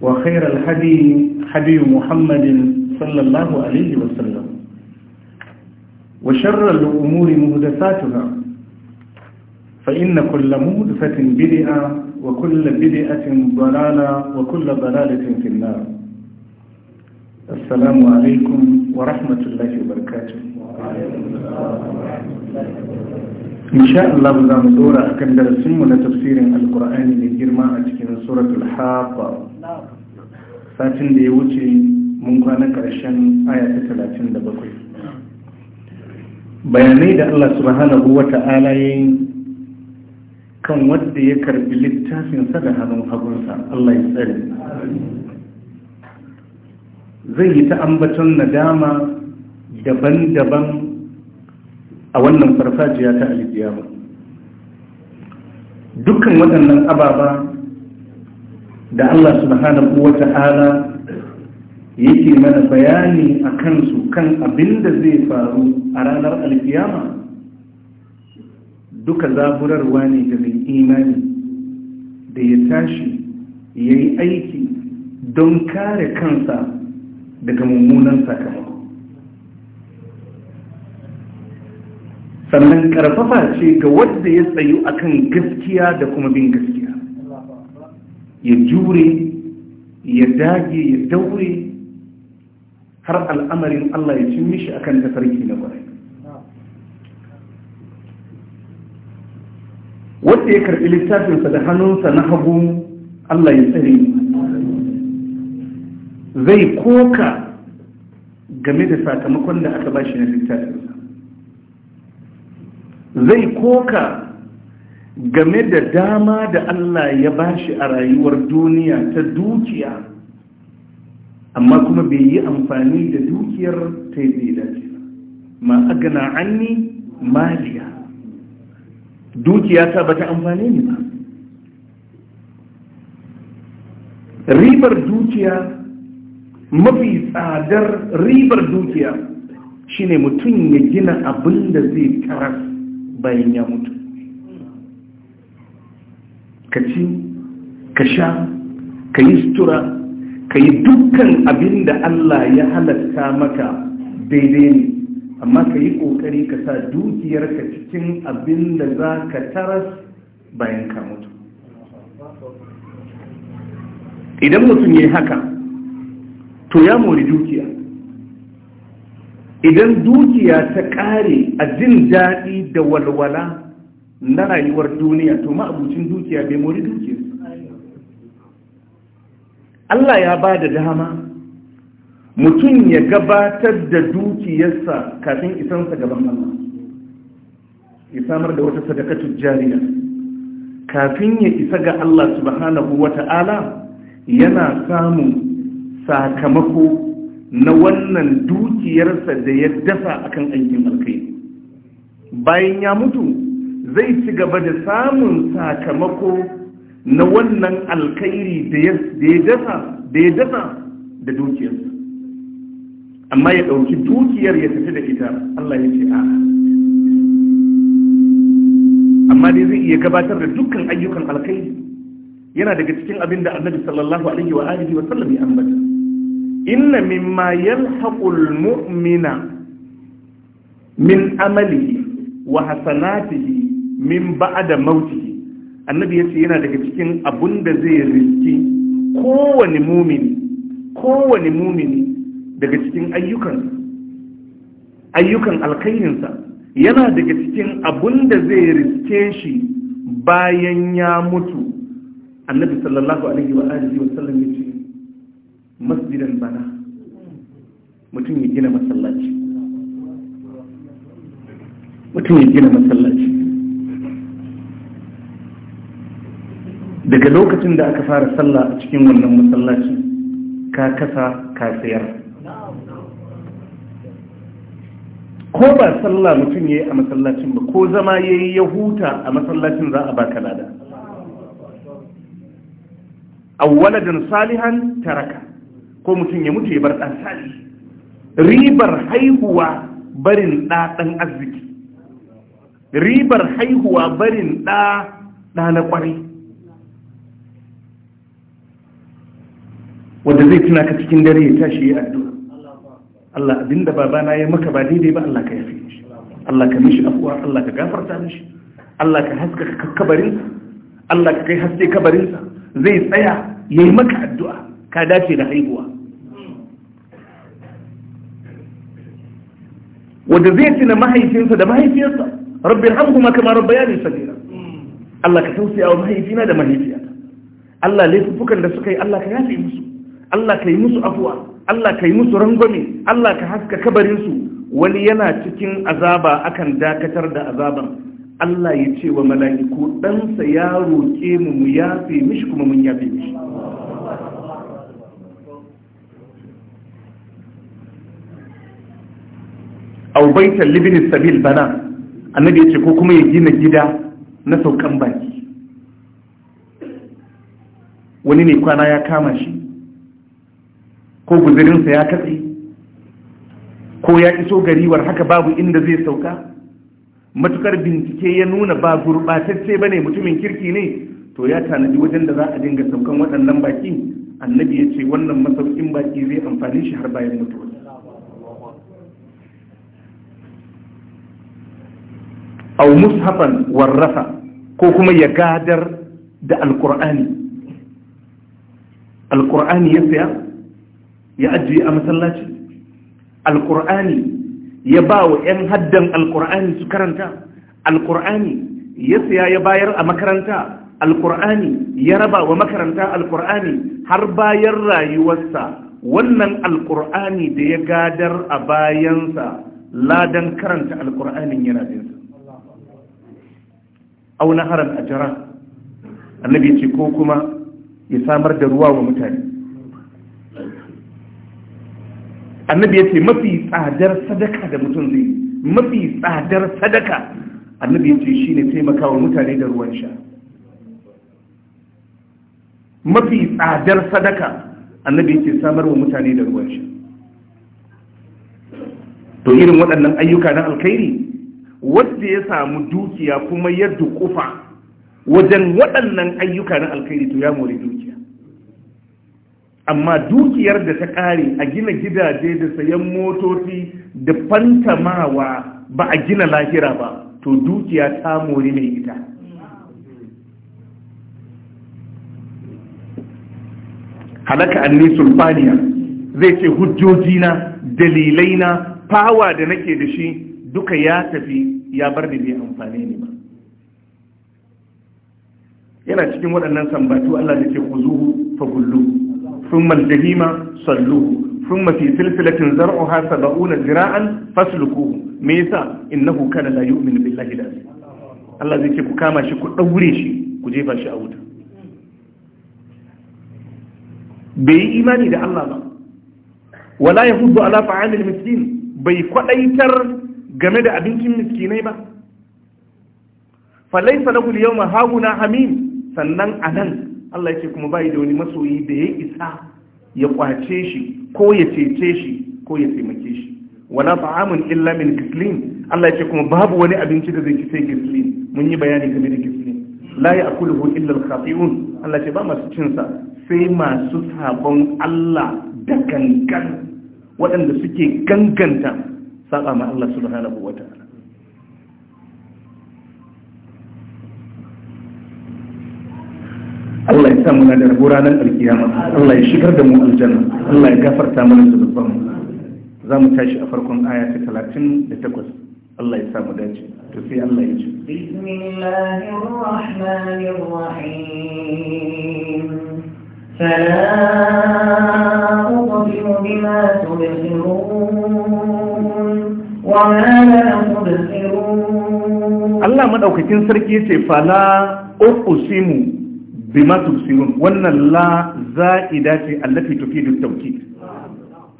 وخير الحدي حدي محمد صلى الله عليه وسلم وشر الأمور مهدفاتها فإن كل مهدفة بدئة وكل بدئة ضلالة وكل ضلالة في النار السلام عليكم ورحمة الله وبركاته إن شاء الله بزام سورة dora akan تفسير القرآن من جرماء mai girma a satin da ya wuce mun kwana ƙarshen aya ta talatin da bakwai bayanai da allah subhanahu wa ta'ala ya kan wadda ya karbi littafinsa da hannun hagunsa allah ya tsare zai yi ta ambaton nadama daban-daban a wannan farfajiya ta alkiyama dukkan waɗannan ababa da Allah subhanahu wa ta'ala yake mana bayani a kansu kan abin da zai faru a ranar alfiyama, duka zaburarwa ne da mai imani da ya tashi ya yi aiki don kare kansa daga mummunan sakamako sannan karfafa ce ga wadda ya tsayu akan gaskiya da kuma bin gaskiya ya jure ya dage ya daure har al'amarin Allah ya cin mishi akan tafarki na kwarai wanda ya karɓi littafinsa da hannunsa na hagu Allah ya tsare zai koka game da sakamakon da aka bashi na littafinsa zai koka game da dama da Allah ya ba shi a rayuwar duniya ta dukiya amma kuma bai yi amfani da dukiyar ta yi dace ma agana anni maliya dukiya ta bata amfani ne ba ribar dukiya mafi tsadar ribar dukiya shine mutum ya gina abin da zai karas bayan ya mutu ka ci ka sha ka yi sutura ka yi dukkan abin da Allah ya halatta maka daidai ne amma ka yi ƙoƙari ka sa dukiyarka cikin abin da za ka taras bayan ka mutu idan mutum ya haka to ya mori dukiya idan dukiya ta ƙare a jin daɗi da walwala na rayuwar duniya to ma'abucin dukiya bai mori dukiya Allah ya ba da dama mutum ya gabatar da dukiyarsa kafin isansa gaban Allah ya samar da wata sadakatun jariya kafin ya isa ga Allah subhanahu wa ta'ala yana samun sakamako na wannan dukiyarsa da ya dafa akan aikin alkai bayan ya mutu zai ci gaba da samun sakamako na wannan alkhairi da ya dasa da ya dasa da dukiyarsa amma ya ɗauki dukiyar ya tafi da ita Allah ya ce a'a amma dai zai iya gabatar da dukkan ayyukan alkhairi yana daga cikin abin da annabi sallallahu alaihi wa alihi wa sallam ya ambata inna mimma yalhaqul mu'mina min amalihi wa hasanatihi min ba'da mauti annabi yace yana daga cikin abun da zai riski kowane mumini kowane mumini daga cikin ayyukan ayyukan alkhairinsa yana daga cikin abun da zai riske shi bayan ya mutu annabi sallallahu alaihi wa alihi wa sallam yace masjidan bana mutum ya gina masallaci mutum ya gina masallaci daga lokacin da aka fara sallah a cikin wannan masallaci ka kasa ka sayar ko ba sallah mutum ya yi a masallacin ba ko zama ya yi ya huta a masallacin za a baka lada awwaladin salihan taraka ko mutum ya mutu ya bar ɗan sali ribar haihuwa barin ɗa ɗan arziki ribar haihuwa barin ɗa ɗa na ƙwarai wanda zai tuna ka cikin dare ya tashi ya addu'a Allah abinda babana ya maka ba daidai ba Allah ka yafi Allah ka mishi afuwa Allah ka gafarta mishi Allah ka haskaka kabarinsa Allah ka kai haske kabarinsa zai tsaya ya yi maka addu'a ka dace da haihuwa wanda zai tuna mahaifinsa da mahaifiyarsa rabbin hamhuma kamar rabbayani sabira Allah ka tausaya wa mahaifina da mahaifiyata Allah laifukan da suka yi Allah ka yafe musu Allah ka yi musu afuwa Allah ka yi musu rangwame Allah ka haska kabarinsu wani yana cikin azaba akan dakatar da azaban Allah ya ce wa mala'iku ɗansa ya roƙe mu mu yafe mishi kuma mun yafe mishi ubaitar libinin sabil bana annabi ya ce ko kuma ya gina gida na saukan baki wani ne kwana ya kama shi ko guzurinsa ya katse ko ya iso gariwar haka babu inda zai sauka matukar bincike ya nuna ba gurbatacce ba ne mutumin kirki ne to ya tanadi wajen da za a dinga saukan waɗannan baki annabi ya ce wannan masaukin baki zai amfani shi har bayan mutuwa au mushafan warrafa ko kuma ya gadar da alkur'ani alkur'ani ya saya ya ajiye a masallaci alkur'ani ya ba wa 'yan haddan alkur'ani su karanta alkur'ani ya siya ya bayar a makaranta alkur'ani ya raba wa makaranta alkur'ani har bayan rayuwarsa wannan alkur'ani da ya gadar a bayansa ladan karanta alkur'anin yana jinsa auna haran a annabi ce ko kuma ya samar da ruwa wa mutane annabi ya ce mafi tsadar sadaka da mutum zai mafi tsadar sadaka annabi ya ce shi ne taimakawa mutane da ruwan sha mafi tsadar sadaka annabi ya ce samar wa mutane da ruwan sha to irin waɗannan ayyuka na alkhairi wanda ya samu dukiya kuma ya dukufa wajen waɗannan ayyuka na alkhairi to ya more dukiya amma dukiyar da ta ƙare a gina gidaje da sayan motoci da fantamawa ba a gina lahira ba to dukiya ta mori mai ita halaka anni sulfaniya zai ce hujjojina dalilaina fawa da nake da shi duka ya tafi ya bar da bai amfani ne ba yana cikin waɗannan sambatu Allah da ke kuzuhu fa gullu ثم الجهيم صلوه ثم في سلسلة زرعها سبعون ذراعا فاسلكوه ميسا إنه كان لا يؤمن بالله العظيم الله زي كي كما شي كدوري شي كجيبا شي أوتا بي إيماني ده الله ما ولا يفض على طعام المسكين بي كديتر game da abincin miskinai ba falaisa lahu yawma hauna hamim sannan anan Allah yake kuma bai da wani masoyi da ya isa ya kwace shi ko ya cece shi ko ya taimake shi wala ta'amun illa min kislin Allah yake kuma babu wani abinci da zai ci sai kislin mun yi bayani game da kislin la ya'kuluhu illa al-khati'un Allah yake ba masu cin sa sai masu sabon Allah da gangan waɗanda suke ganganta saba ma Allah subhanahu wataala sa muna da rabo ranar alkiyama Allah ya shigar da mu aljanna Allah ya gafarta mana zunuban mu za mu tashi a farkon aya ta talatin da takwas Allah ya samu dace to sai Allah ya ce bismillahirrahmanirrahim فلا أقسم بما تبصرون وما لا تبصرون bima tufsirun wannan la za'ida ce allati tufidu tawkid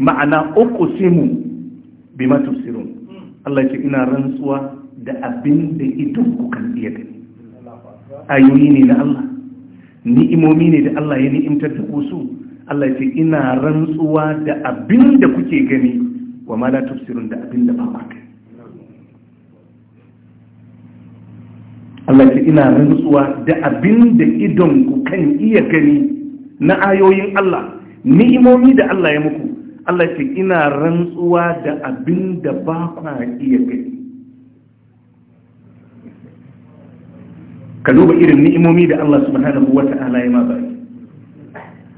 ma'ana uqsimu bima tufsirun Allah ce ina rantsuwa da abin da idan ku kan iya gani ayoyi ne na Allah ni'imomi ne da Allah ya ni'imtar da ku su Allah ce ina rantsuwa da abin da kuke gani wa ma la tufsirun da abin da ba ku gani Allah ce ina rantsuwa da abin da idon ku kan iya gani na ayoyin Allah ni'imomi da Allah ya muku Allah ce ina rantsuwa da abin da ba kwa iya gani ka duba irin ni'imomi da Allah subhanahu wata'ala ya ma bai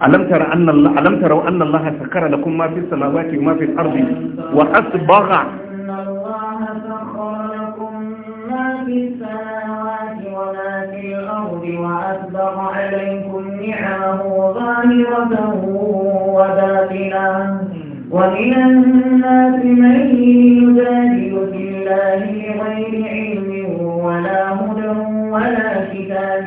alam tara anna Allah alam tara anna Allah sakara lakum ma fis samawati wa ma fil ardi wa asbagha Allah sakhara lakum ma fis samawati الأرض وأسبغ عليكم نعمه ظاهرة وباطنة ومن الناس من يجادل في الله بغير علم ولا هدى ولا كتاب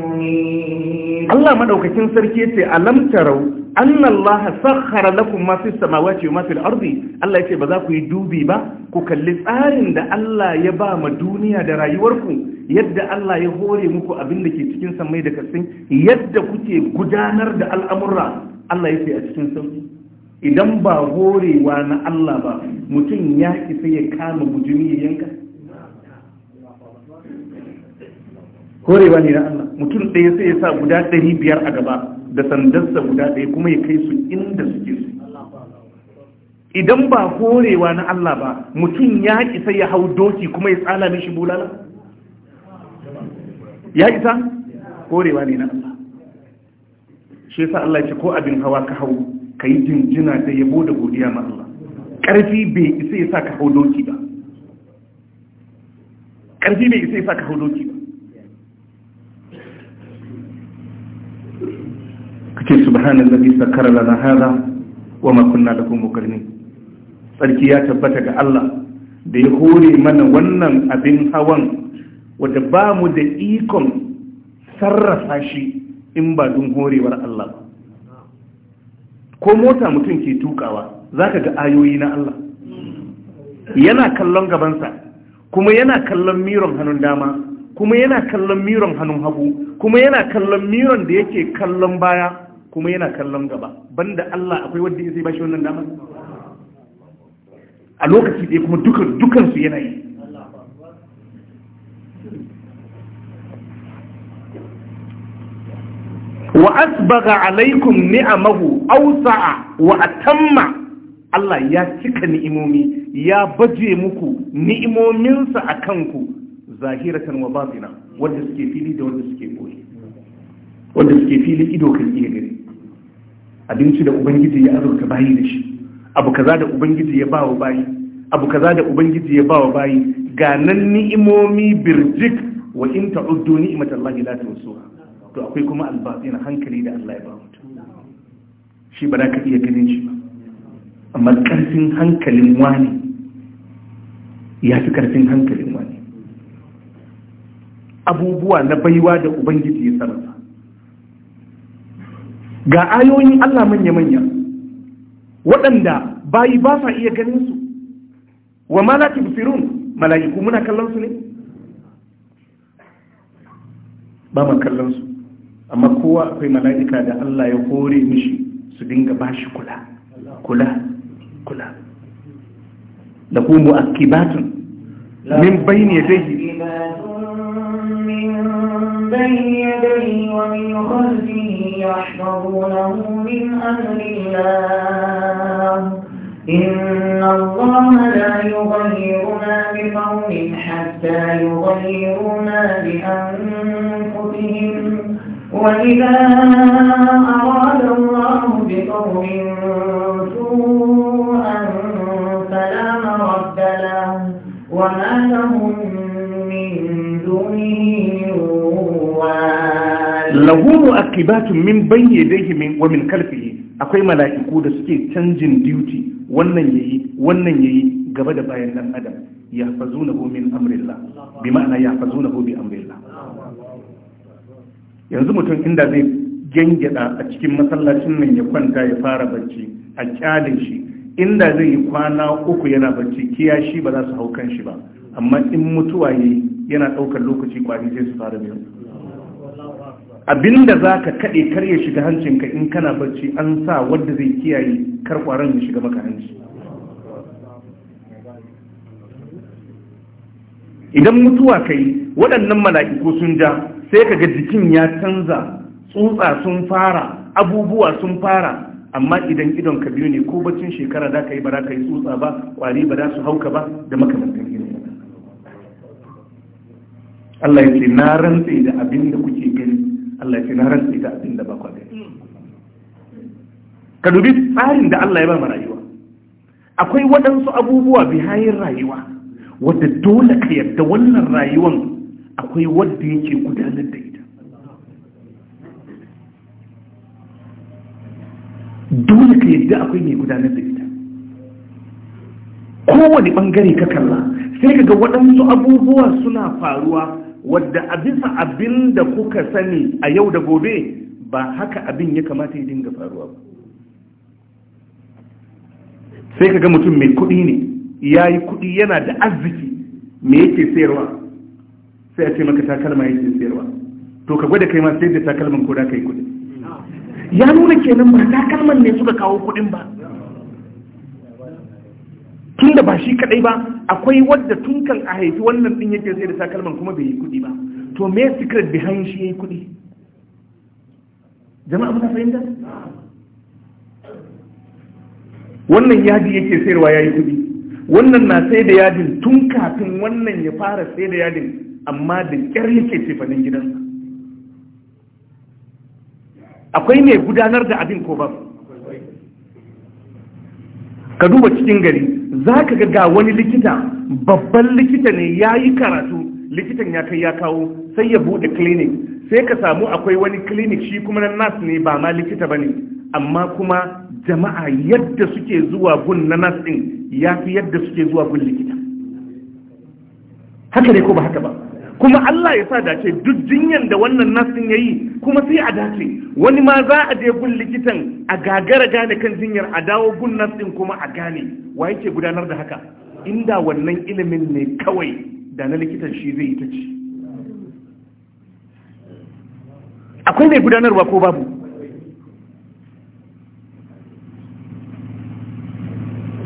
منير الله ما دوكتين سركيتي ألم تروا anna Allah sakhara lakum ma fis samawati wa ma fil ardi Allah yace ba za ku yi dubi ba ku kalli tsarin da Allah ya ba ma duniya da rayuwarku yadda Allah ya hore muku abin da ke cikin samai da kasin yadda kuke gudanar da al'amurra Allah yace a cikin sauki idan ba horewa na Allah ba mutum ya isa ya kama bujumi ya yanka horewa ne na Allah mutum ɗaya sai ya sa guda ɗari biyar a gaba da sandarsa guda ɗaya kuma ya kai su inda suke su idan ba horewa na Allah ba mutum ya isa ya hau doki kuma ya tsala mishi bulala ya isa horewa ne na Allah shi yasa Allah ce ko abin hawa ka hau ka yi jinjina da yabo da godiya ma Allah ƙarfi bai isa ya sa ka hau doki ba ƙarfi bai isa ya sa ka hau doki ba subhanan nabi sakara na hada wa makunna da kuma karni tsarki ya tabbata ga Allah da ya hore mana wannan abin hawan wadda ba mu da ikon sarrafa shi in ba don horewar Allah ko mota mutum ke tukawa za ka ga ayoyi na Allah yana kallon gabansa kuma yana kallon miron hannun dama kuma yana kallon miron hannun hagu kuma yana kallon miron da yake kallon baya kuma yana kallon gaba banda Allah akwai wanda ya sai bashi wannan dama a lokaci ɗaya kuma dukan dukan su yana yi wa asbagha alaikum ni'amahu awsa'a wa atamma Allah ya cika ni'imomi ya baje muku ni'imominsa a kanku zahiratan wa batina wanda suke fili da wanda suke boye wanda suke fili ido kan iya gari abinci da ubangiji ya azurta bayi da shi abu kaza da ubangiji ya bawa bayi abu kaza da ubangiji ya bawa bayi ga nan ni'imomi birjik wa in ta'uddu ni'matallahi la tuhsuha to akwai kuma albatin hankali da Allah ya ba mutum shi ba za ka iya ganin shi ba amma karfin hankalin wani ya fi karfin hankalin wani abubuwa na baiwa da ubangiji ya sarrafa ga ayoyin Allah manya-manya waɗanda bayi ba sa iya ganin su wa malaki firun mala'iku muna kallon su ne ba ma kallon su amma kowa akwai mala'ika da Allah ya kore mishi su dinga ba shi kula kula kula Da kuma akibatun min bayni yadayhi min بين يديه ومن خلفه يحفظونه من أمر الله إن الله لا يغير ما بقوم حتى يغيروا ما بأنفسهم وإذا أراد الله بقوم سوءا فلا مرد له وما لهم من دونه lahu mu'aqibatun min bayni yadayhi min wa min khalfihi akwai mala'iku da suke canjin duty wannan yayi wannan yayi gaba da bayan dan adam yahfazunahu min amrillah bi ma'ana yahfazunahu bi amrillah yanzu mutum inda zai gengeda a cikin masallacin nan ya kwanta ya fara bacci a kyalin shi inda zai yi kwana uku yana bacci kiyashi ba za su hau kan shi ba amma in mutuwa yayi yana daukar lokaci kwari sai su fara biyan abinda za ka kaɗe kar ya shiga hancinka in kana barci, an sa wadda zai kiyaye kar ƙwaron ya shiga maka hanci idan mutuwa ka yi waɗannan mala'iku sun ja sai ka ga jikin ya canza tsutsa sun fara abubuwa sun fara amma idan idon ka biyu ne ko baccin shekara da ka yi ba za ka yi tsutsa ba ƙwari ba za su hauka ba da makamantan irin Allah ya ce na rantse da abin da kuke gani Allah ce na rantsi da abin da ba kwa gani ka dubi tsarin da Allah ya ba mu rayuwa akwai waɗansu abubuwa bihayin rayuwa wadda dole ka yarda wannan rayuwan akwai wadda yake gudanar da ita dole ka yadda akwai mai gudanar da ita kowane ɓangare ka kalla sai ka ga waɗansu abubuwa suna faruwa wadda a bisa abin da kuka sani a yau da gobe ba haka abin ya kamata ya dinga faruwa ba sai ka ga mutum mai kuɗi ne ya yi kuɗi yana da arziki me yake sayarwa sai a ce maka takalma yake sayarwa to ka gwada kai ma sai da takalman ko da yi kuɗi ya nuna kenan ba takalman ne suka kawo kuɗin ba tun da ba shi kadai ba akwai wadda tun kan a haifi wannan din yake sai da takalman kuma bai yi kudi ba to me secret behind shi yayi kudi jama'a muna fahimta wannan yadi yake sayarwa yayi kudi wannan na sai da yadin tun kafin wannan ya fara sai da yadin amma da kyar yake cefanin gidansa akwai mai gudanar da abin ko ba ka duba cikin gari za ka ga ga wani likita babban likita ne ya yi karatu likitan ya kai ya kawo sai ya bude clinic sai ka samu akwai wani clinic shi kuma na nas ne ba ma likita ba ne amma kuma jama'a yadda suke zuwa gun na nas ɗin ya fi yadda suke zuwa gun likita haka ne ko ba haka ba kuma Allah ya sa dace duk jinyan da wannan nasin ya yi kuma sai a dace wani ma za a je gun likitan a gagara gane kan jinyar a dawo gun nasin kuma a gane wa yake gudanar da haka inda wannan ilimin ne kawai da na likitan shi zai yi ta ci akwai mai gudanarwa ko babu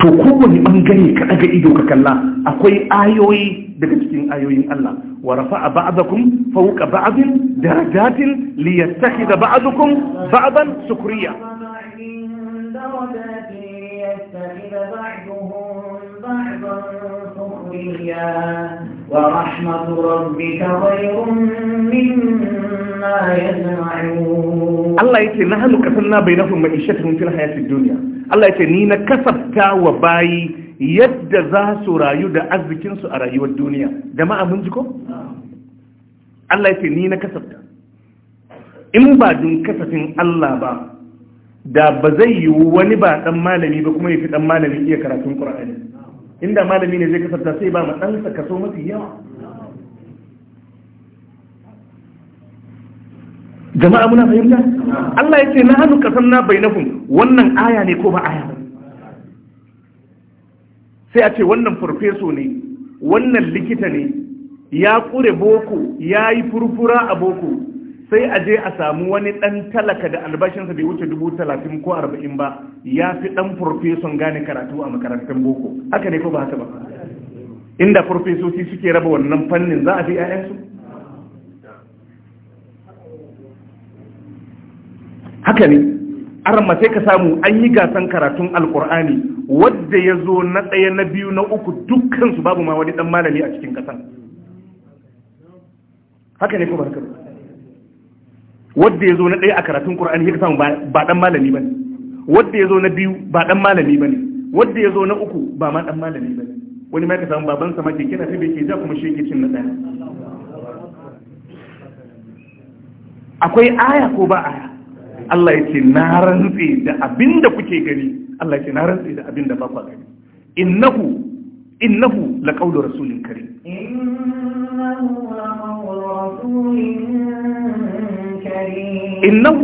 to kowane bangare ka ɗaga ido ka kalla akwai ayoyi daga cikin ayoyin Allah ورفع بعضكم فوق بعض درجات ليتخذ بعضكم بعضا سكريا ورحمة ربك خير مما يجمعون الله يتي نحن كسبنا بينهم معيشتهم في الحياة الدنيا الله يتي نينا كسبتا وباي yadda za su rayu da arzikinsu a rayuwar duniya da ji ko? Allah ya ce ni na kasafta in ba dun kasafin Allah ba da ba zai yi wani ba dan malami ba kuma ya fi dan malami iya karatun Qur'ani inda malami ne zai kasafta sai ba ma ɗansa kaso mafi yawa jama'a muna fahimta Allah ya ce na hannu kasan na bainakun wannan aya ne ko ba aya ba sai a ce wannan farfeso ne wannan likita ne ya ƙure boko ya yi furfura a boko sai a je a samu wani ɗan talaka da albashinsa bai wuce dubu talatin ko arba'in ba ya fi ɗan farfeson gane karatu a makarantar boko haka ne ko ba haka ba inda farfesoci suke raba wannan fannin za a fi 'ya'yansu haka ne arma sai ka samu an yi gasan karatun alkur'ani wadda ya zo na ɗaya na biyu na uku su babu ma wani ɗan malami a cikin ƙasan haka ne ko ba haka ba wadda ya zo na ɗaya a karatun ƙur'ani sai ka samu ba ɗan malami ba ne wadda ya zo na biyu ba ɗan malami ba ne wadda ya zo na uku ba ma ɗan malami ba ne wani ma ka samu babansa ma keke sai bai ke ja kuma shi cin na ɗaya akwai aya ko ba aya Allah ya ce na rantse da abin da kuke gani Allah ya ce na rantse da abin da ba ku gani innahu innahu la qawlu rasulin karim innahu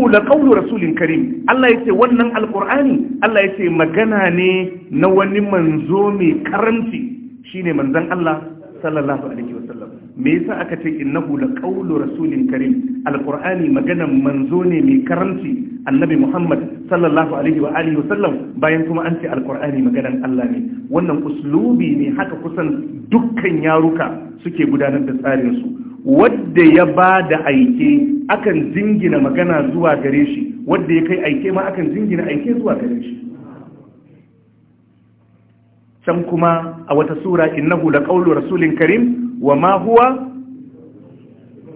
la qawlu rasulin karim Allah ya ce wannan alqur'ani Allah ya ce magana ne na wani manzo mai karanci shine manzon Allah sallallahu alaihi wasallam me yasa aka ce innahu la qawlu rasulin karim alqur'ani magana manzo ne mai karanci annabi muhammad sallallahu alaihi wa alihi wa sallam bayan kuma an ce alqur'ani maganan Allah ne wannan uslubi ne haka kusan dukkan yaruka suke gudanar da tsarin su wadda ya ba da aike akan jingina magana zuwa gare shi wadda ya kai aike ma akan jingina aike zuwa gare shi can kuma a wata sura innahu la qawlu rasulin karim wa ma huwa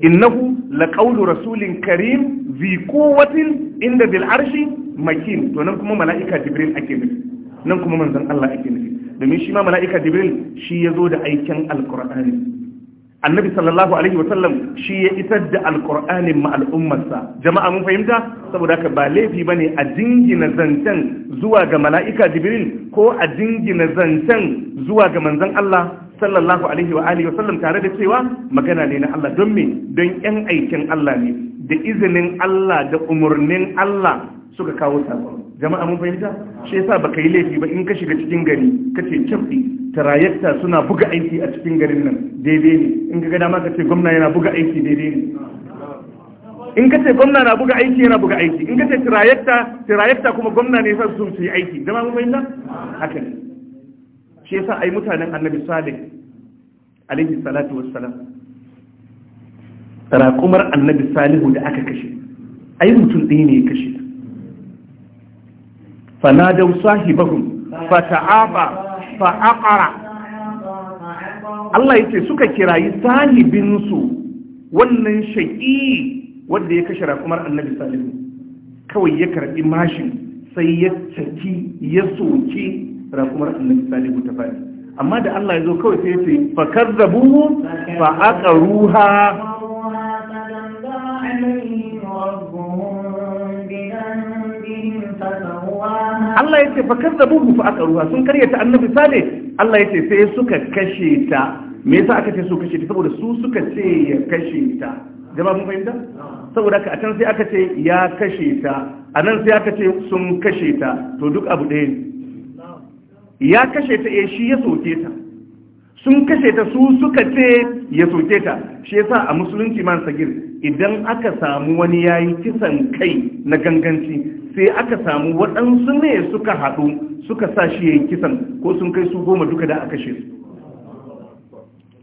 innahu laqawlu rasulin karim zi quwwatin inda bil arshi makin to nan kuma mala'ika jibril ake nufi nan kuma manzon Allah ake nufi domin shi ma mala'ika jibril shi ya zo da aikin alqur'ani annabi sallallahu alaihi wa sallam shi ya isar da alqur'anin ma al'ummarsa jama'a mun fahimta saboda haka ba laifi bane a jingina zancen zuwa ga mala'ika jibril ko a jingina zancen zuwa ga manzon Allah sallallahu alaihi wa alihi wasallam tare da cewa magana ne na Allah don me don yan aikin Allah ne da izinin Allah da umarnin Allah suka kawo ta. jama'a mun fahimta shi yasa baka yi laifi ba in ka shiga cikin gari ka ce camfi tarayyata suna buga aiki a cikin garin nan daidai ne in ka ga dama ka ce gwamna yana buga aiki daidai ne in ka ce gwamna na buga aiki yana buga aiki in ka ce tarayyata tarayyata kuma gwamna ne sa su yi aiki jama'a mun fahimta haka ne shi yasa ai mutanen annabi salih alaihi salatu wassalam raƙumar annabi salihu da aka kashe ai mutum ɗaya ne ya kashe fanadau sahibahum fata'aba fa'aqara Allah yace suka kirayi su wannan shaƙi wanda ya kashe raƙumar annabi salihu kawai ya karɓi mashin sai ya tsaki ya soki rakumar annabi salihu ta faɗi amma da Allah ya zo kawai sai ce fa kazzabu fa aqruha Allah ya ce fa kazzabu fa aqruha sun karyata annabi sale Allah ya ce sai suka kashe ta me yasa aka ce su kashe ta saboda su suka ce ya kashe ta jama'a mun fahimta saboda ka a can sai aka ce ya kashe ta a nan sai aka ce sun kashe ta to duk abu ɗaya ne ya kashe ta eh, shi ya soke ta sun kashe ta su suka ce ya soke ta shi yasa a musulunci man sagir idan aka samu wani yayi kisan kai na ganganci sai aka samu waɗansu ne suka haɗu suka sa shi yayi kisan ko sun kai su goma duka da aka kashe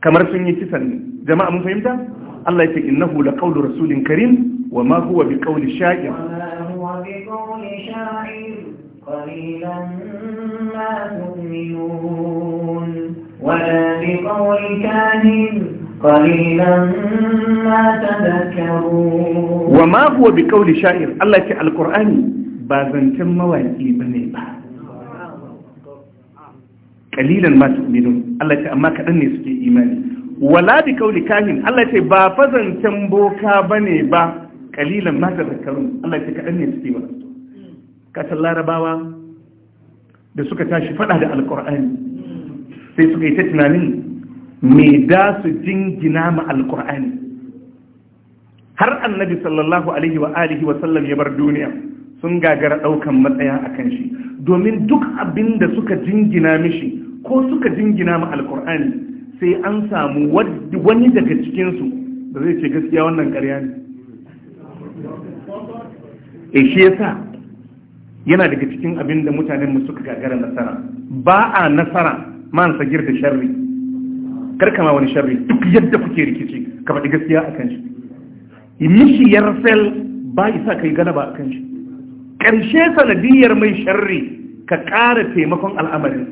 kamar sun yi kisan ne jama'a mun fahimta Allah yake innahu laqawlu rasulin karim wa ma huwa biqawli sha'ir wa ma huwa biqawli sha'ir قليلا ما تؤمنون ولا بقول كاهن قليلا ما تذكرون وما هو بقول شاعر الله في القرآن بازنتم مواكي بني با قليلا ما تؤمنون الله في أما كأن سكي إيماني ولا بقول كاهن الله في بافزنتم تنبوكا بني با قليلا ما تذكرون الله في كأن يسكي ولا kasar larabawa da suka tashi fada da alkur'ani sai suka yi ta tunanin me da su jingina ma alkur'ani har annabi sallallahu alaihi wa alihi wa sallam ya bar duniya sun gagara daukan matsaya a kan shi domin duk abin da suka jingina mishi ko suka jingina ma alkur'ani sai an samu wani daga cikinsu da zai ce gaskiya wannan ƙarya ne e shi yasa yana daga cikin abin da mutanenmu suka gagara nasara ba a nasara man sagir da sharri karkama wani sharri duk yadda kuke rikici ka faɗi gaskiya a kan shi mishiyar sel ba isa ka yi galaba a kan shi ƙarshe sanadiyar mai sharri ka ƙara taimakon al'amarin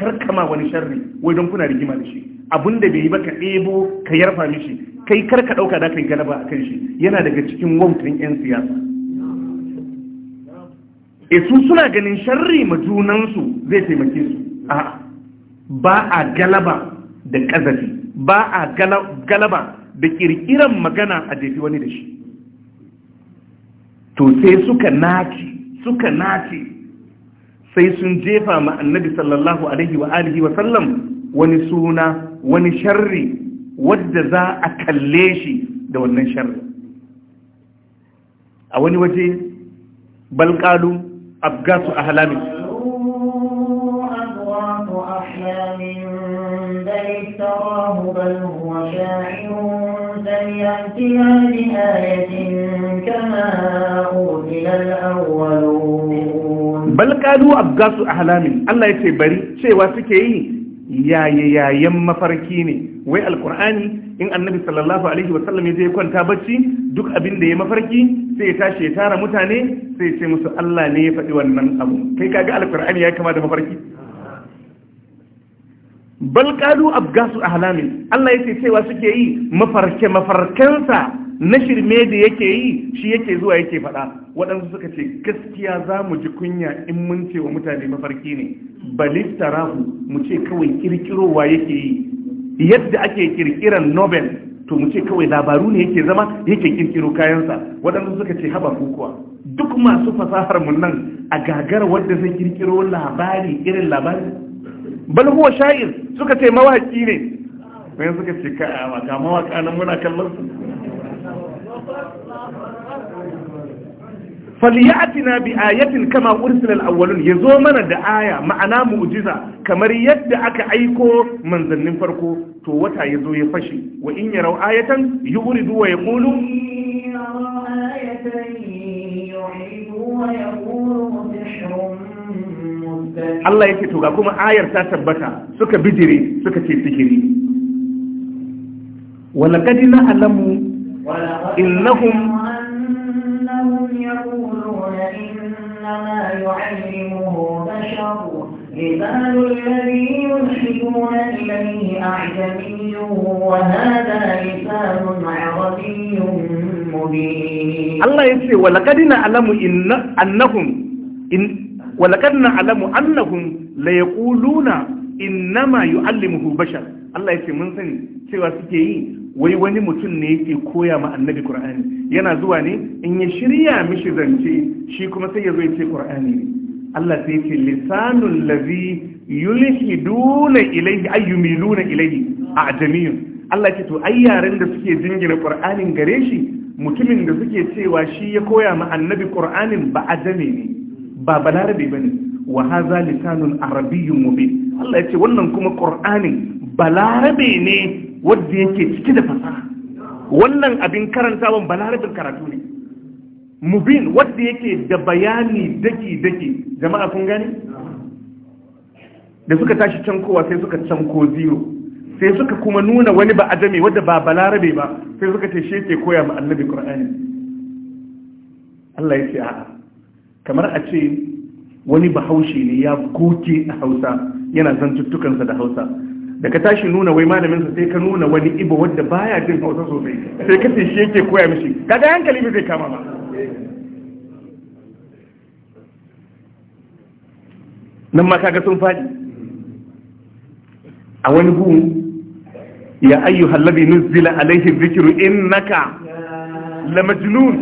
karkama wani sharri wai don kuna rigima da shi abin da bai yi ba ka ɗebo ka yarfa mishi kai karka ɗauka da ka yi galaba a kan shi yana daga cikin wautan 'yan siyasa e su suna ganin sharri ma junansu zai taimake su a ba a galaba da kazafi ba a galaba da ƙirƙiran magana a jefi wani da shi to sai suka naci suka naci sai sun jefa ma annabi sallallahu alaihi wa alihi wa sallam wani suna wani sharri wadda za a kalle shi da wannan sharri a wani waje balkalu abgasu ahlamin أحلام بل افتراه بل هو شاعر فليأتها بآية كما أرسل الأولون بل قالوا أبغاس أحلام الله يتبري شيء واسكي يا يا يا يم فركيني wai alkur'ani in annabi sallallahu alaihi wasallam ya je kwanta bacci duk abin da ya mafarki sai ya tashi ya tara mutane sai ce musu Allah ne ya faɗi wannan abu kai kaga alkur'ani ya kama da mafarki bal qalu abgasu ahlami Allah yake cewa suke yi mafarke mafarkansa na shirme da yake yi shi yake zuwa yake faɗa waɗansu suka ce gaskiya za mu ji kunya in mun ce wa mutane mafarki ne baliftarahu mu ce kawai kirkirowa yake yi yadda ake kirkiran nobel to mu ce kawai labaru ne yake zama yake kirkiro kayansa waɗanda suka ce haba kuwa duk masu fasahar mu nan a gagar wanda zai kirkiro labari irin labari bal huwa sha'ir suka ce mawaki ne wani suka ce ka mawaka nan muna kallon su falyatina bi ayatin kama ursila al-awwalun yazo mana da aya ma'ana mu'ujiza, kamar yadda aka aiko manzannin farko to wata yazo ya fashe, wa in yarau ayatan yuridu wa yaqulu Allah yake to ga kuma ayar ta tabbata suka bijire suka ce sihiri walaqad na'lamu innahum يقولون إنما يعلمه بشر لسان الذي يلحدون إليه أعجمي وهذا لسان عربي مبين الله يسير ولقد نعلم إن أنهم إن ولقد نعلم أنهم ليقولون إنما يعلمه بشر الله ya من mun sani cewa wai wani mutum ne yake koya ma annabi Kur'ani? yana zuwa ne in ya shirya mishi zance shi kuma sai ya zo ya ce qur'ani ne Allah sai ce duna ladhi yulhiduna ilayhi ayyumiluna a jami'in. Allah ce to ai yaren da suke jingina qur'anin gare shi mutumin da suke cewa shi ya koya ma annabi Kur'anin ba ajame ne ba balarabe bane wa hadha lisanun arabiyyun mubin Allah ya ce wannan kuma qur'anin balarabe ne wadda yake cike da fasaha wannan abin karantawan balarabin karatu ne mubin wadda yake da bayani daki-daki jama'a kun gani da suka tashi cankowa sai suka canko zero sai suka kuma nuna wani ba adami wadda ba balarabe ba sai suka ce ke koya ma annabi qur'ani Allah ya ce a'a kamar a ce wani bahaushe ne ya goke a Hausa yana tuttukansa da Hausa da ka tashi nuna wai malamin sa sai ka nuna wani ibo wanda baya jin hausa sosai sai ka ce shi yake koya mishi kaga hankali bai kama ba nan ma kaga sun faɗi a wani gu ya ayyu hallabi nuzzila alaihi dhikru innaka la majnun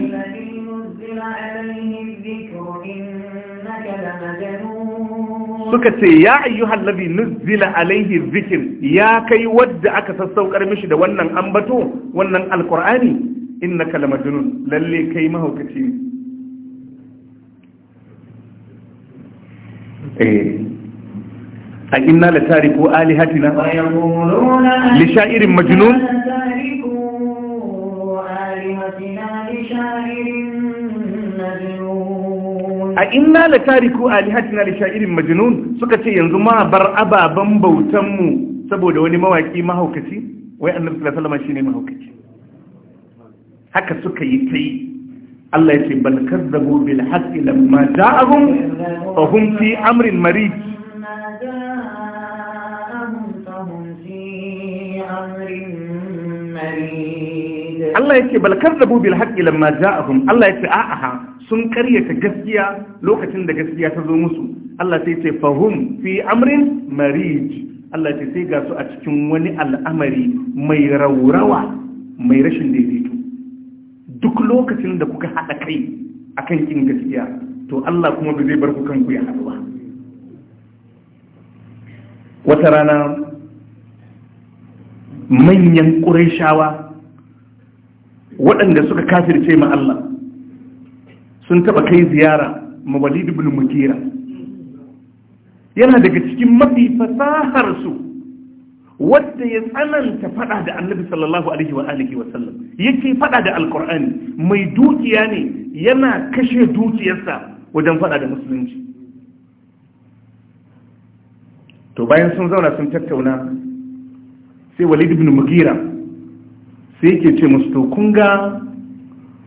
suka ce ya ayyuhal ladhi nuzila alaihi dhikr ya kai wadda aka sassaukar mishi da wannan ambato wannan alqur'ani innaka lamadunun lalle kai mahaukaci ne eh a inna la tariku alihatina li sha'irin majnun a inna la tariku alihatina li sha'irin majnun suka ce yanzu ma bar ababan bautan mu saboda wani mawaki mahaukaci wai annabi sallallahu alaihi wasallam shine mahaukaci haka suka yi tai Allah ya ce bal kazzabu bil haqqi lamma ja'ahum fa hum fi amrin marid Allah ce bal da bubil haqqi lamma ja'ahum Allah yake a'a sun karyata gaskiya lokacin da gaskiya ta zo musu Allah sai ce fahum fi amrin marij Allah ce sai ga su a cikin wani al'amari mai raurawa mai rashin daidaito duk lokacin da kuka haɗa kai akan kin gaskiya to Allah kuma ba zai bar ku kanku ya haɗu ba wata rana manyan ƙurayshawa waɗanda suka kafirce ma Allah sun taɓa kai ziyara ma walid ibn mukira yana daga cikin mafi fasahar su wadda ya tsananta faɗa da annabi sallallahu alaihi wa alihi wa sallam yake fada da alqur'ani mai dukiya ne yana kashe dukiyarsa wajen faɗa da musulunci to bayan sun zauna sun tattauna sai walid ibn mugira sai yake ce musu to kun ga